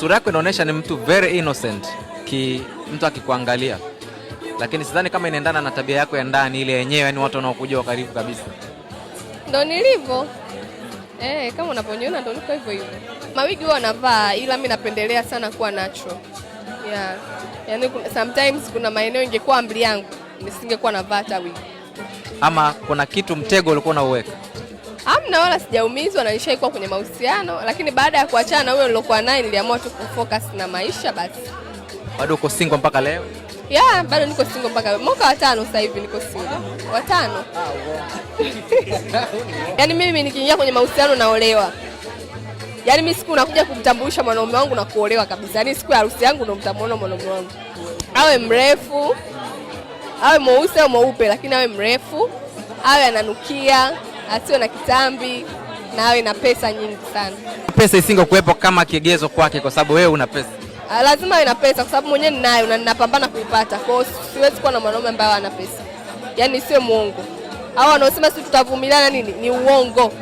sura yako inaonyesha ni mtu very innocent ki mtu akikuangalia, lakini sidhani kama inaendana na tabia yako ya ndani ile yenyewe, yani watu wanaokuja karibu kabisa. Ndo nilivyo eh, kama unavyoniona ndo niko hivyo hivyo. Mawigi huwa wanavaa, ila mi napendelea sana kuwa natural yeah. Yani sometimes kuna maeneo ingekuwa amri yangu nisingekuwa navaa hata wigi. Ama kuna kitu mtego ulikuwa unauweka na wala sijaumizwa na nishaikuwa kwenye mahusiano, lakini baada ya kuachana na huyo nilokuwa naye niliamua tu kufocus na maisha basi. Bado uko single mpaka leo? Yeah, bado niko single mpaka mwaka wa tano sasa hivi niko single. Wa tano. Yaani mimi nikiingia kwenye mahusiano naolewa. Yaani mimi siku nakuja kumtambulisha mwanaume wangu na kuolewa kabisa. Yaani siku ya harusi yangu ndo mtamwona mwanaume wangu. Awe mrefu, awe mweusi au mweupe, lakini awe mrefu, awe ananukia asiwe na kitambi na awe na pesa nyingi sana. Pesa isingekuwepo kama kigezo kwake, kwa sababu wewe una pesa. Ah, lazima awe na pesa, kwa sababu mwenyewe ninayo na ninapambana kuipata. Kwa hiyo siwezi kuwa na mwanaume ambaye hana pesa, yaani sio mwongo. Hao wanaosema sisi tutavumiliana nini, ni uongo.